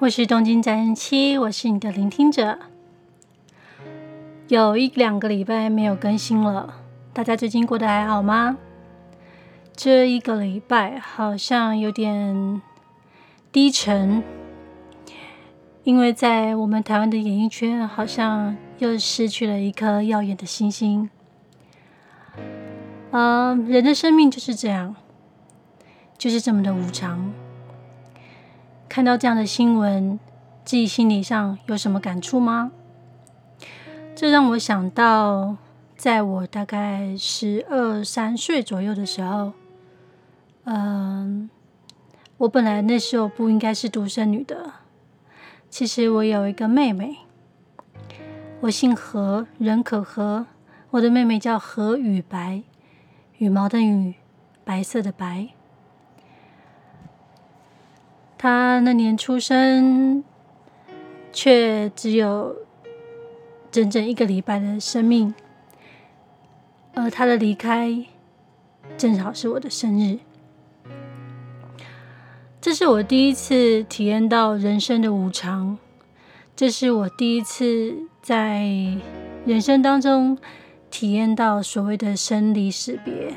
我是東京宅人七，我是你的聆聽者。有一兩個禮拜沒有更新了，大家最近過得還好嗎？這一個禮拜好像有點低沉，因為在我們台灣的演藝圈，好像又失去了一顆耀眼的星星。嗯、呃，人的生命就是這樣，就是這麼的無常。看到這樣的新聞，自己心理上有什麼感觸嗎？這讓我想到，在我大概十二三歲左右的時候，嗯，我本來那時候不應該是獨生女的。其實我有一個妹妹，我姓何，人可何，我的妹妹叫何羽白，羽毛的羽，白色的白。他那年出生，卻只有整整一個禮拜的生命，而他的離開，正好是我的生日。這是我第一次體驗到人生的無常，這是我第一次在人生當中體驗到所謂的生離死別。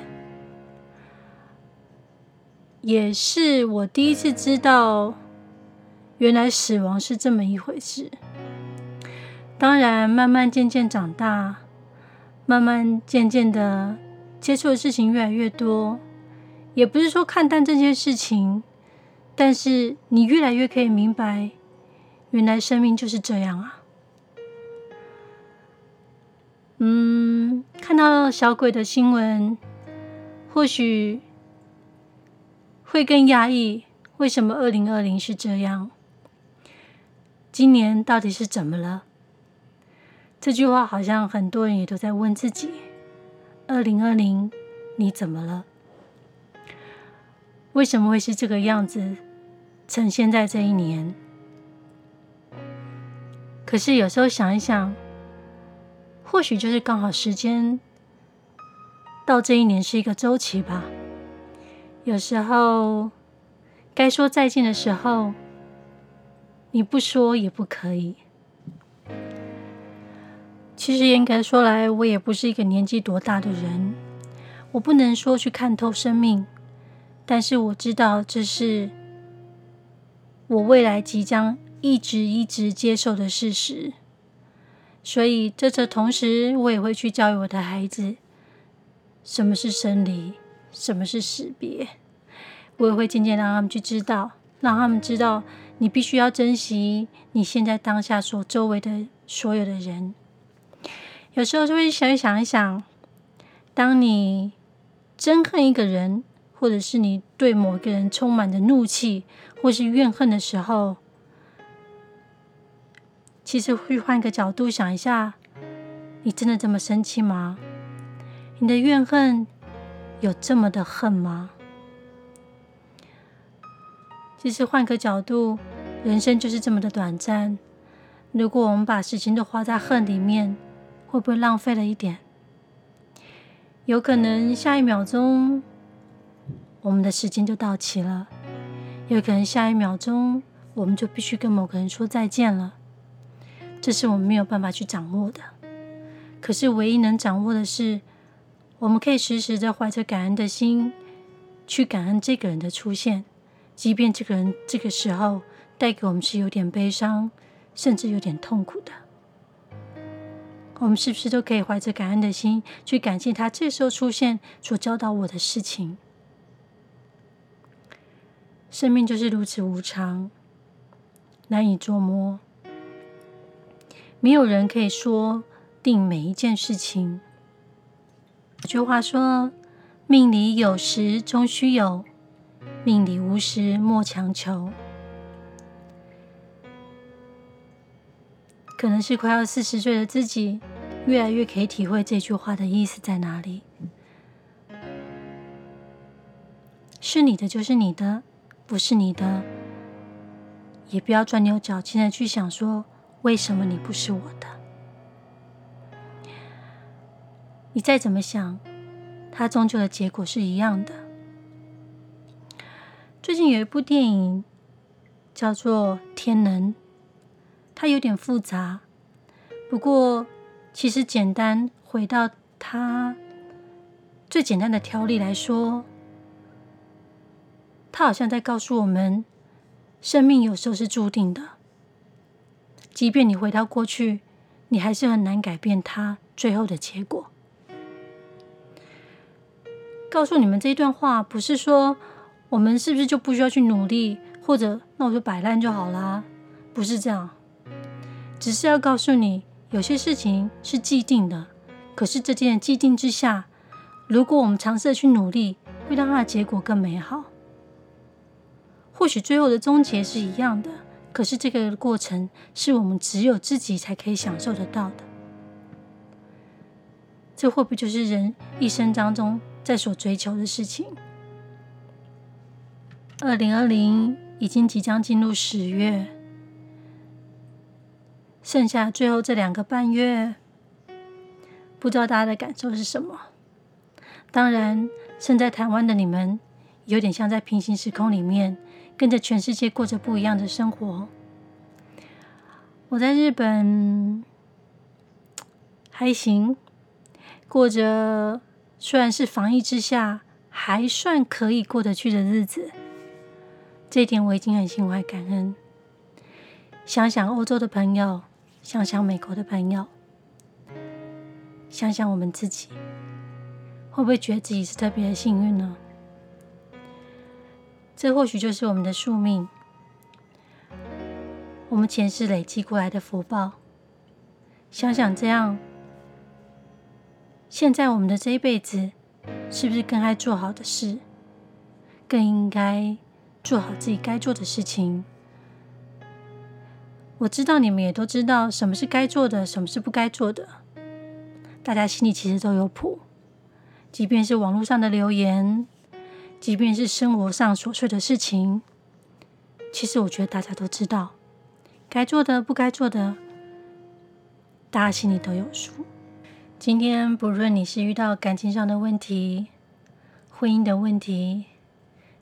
也是我第一次知道，原來死亡是這麼一回事。當然，慢慢漸漸長大，慢慢漸漸的接觸的事情越來越多，也不是說看淡這些事情，但是你越來越可以明白，原來生命就是這樣啊。嗯，看到小鬼的新聞，或許。會更壓抑。為什麼二零二零是這樣？今年到底是怎麼了？這句話好像很多人也都在問自己：二零二零，你怎麼了？為什麼會是這個樣子，呈現在這一年？可是有時候想一想，或許就是剛好時間到，這一年是一個周期吧。有時候該說再見的時候，你不說也不可以。其實嚴格說來，我也不是一個年紀多大的人，我不能說去看透生命，但是我知道這是我未來即將一直一直接受的事實。所以在這同時，我也會去教育我的孩子，什麼是生離。什麼是識別？我也會漸漸讓他們去知道，讓他們知道，你必須要珍惜你現在當下所周圍的所有的人。有時候就會想一想一想，當你憎恨一個人，或者是你對某一個人充滿着怒氣或是怨恨的時候，其實會換個角度想一下，你真的這麼生氣嗎？你的怨恨。有這麼的恨嗎？其實換個角度，人生就是這麼的短暫。如果我們把時間都花在恨裡面，會不會浪費了一點？有可能下一秒鐘，我們的時間就到期了；有可能下一秒鐘，我們就必須跟某個人說再見了。這是我們沒有辦法去掌握的。可是，唯一能掌握的是。我們可以時時的懷着感恩的心，去感恩這個人的出現，即便這個人這個時候帶給我們是有點悲傷，甚至有點痛苦的。我們是不是都可以懷着感恩的心，去感謝他這時候出現所教導我的事情？生命就是如此無常，難以捉摸。沒有人可以說定每一件事情。有句話說：“命裡有時終須有，命裡無時莫強求。”可能是快要四十歲的自己，越來越可以體會這句話的意思在哪裡。是你的就是你的，不是你的，也不要鑽牛角尖的去想說為什麼你不是我的。你再怎麼想，它終究的結果是一樣的。最近有一部電影叫做《天能》，它有點複雜，不過其實簡單。回到它最簡單的條例來說，它好像在告訴我們：生命有時候是注定的，即便你回到過去，你還是很難改變它最後的結果。告訴你們這一段話，不是說我們是不是就不需要去努力，或者那我就擺爛就好啦？不是這樣，只是要告訴你，有些事情是既定的。可是這件既定之下，如果我們嘗試去努力，會讓它的結果更美好。或許最後的終結是一樣的，可是這個過程是我們只有自己才可以享受得到的。這會不會就是人一生當中？在所追求的事情。二零二零已經即將進入十月，剩下最後這兩個半月，不知道大家的感受是什麼？當然，身在台灣的你們，有點像在平行時空裡面，跟着全世界過着不一樣的生活。我在日本還行，過着。雖然是防疫之下，還算可以過得去的日子，這一點我已經很心懷感恩。想想歐洲的朋友，想想美國的朋友，想想我們自己，會不會覺得自己是特別的幸運呢？這或許就是我們的宿命，我們前世累積過來的福報。想想這樣。現在我們的這一輩子，是不是更愛做好的事？更應該做好自己該做的事情。我知道你們也都知道什麼是該做的，什麼是不該做的。大家心裡其實都有譜。即便是網絡上的留言，即便是生活上瑣碎的事情，其實我覺得大家都知道該做的、不該做的，大家心裡都有數。今天，不論你是遇到感情上的問題、婚姻的問題、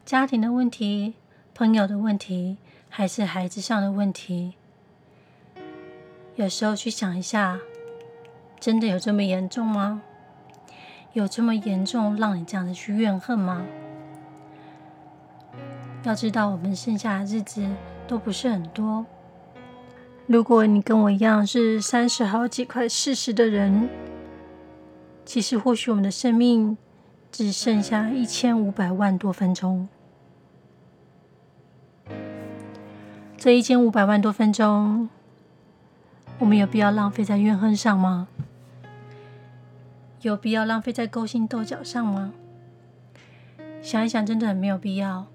家庭的問題、朋友的問題、還是孩子上的問題，有時候去想一下，真的有這麼嚴重嗎？有這麼嚴重，讓你這樣子去怨恨嗎？要知道，我們剩下的日子都不是很多。如果你跟我一樣是三十好幾、快四十的人。其實，或許我們的生命只剩下一千五百萬多分鐘。這一千五百萬多分鐘，我們有必要浪費在怨恨上嗎？有必要浪費在勾心鬥角上嗎？想一想，真的很沒有必要。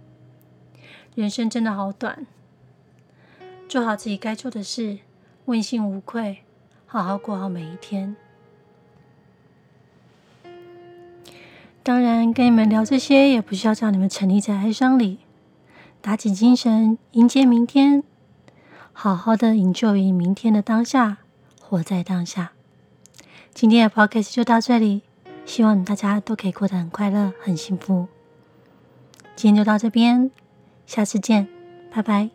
人生真的好短，做好自己該做的事，問心無愧，好好過好每一天。當然，跟你們聊這些，也不需要叫你們沉溺在哀傷裡，打起精神迎接明天，好好的 enjoy 明天的當下，活在當下。今天的 podcast 就到這裡，希望大家都可以過得很快樂、很幸福。今天就到這邊，下次見，拜拜。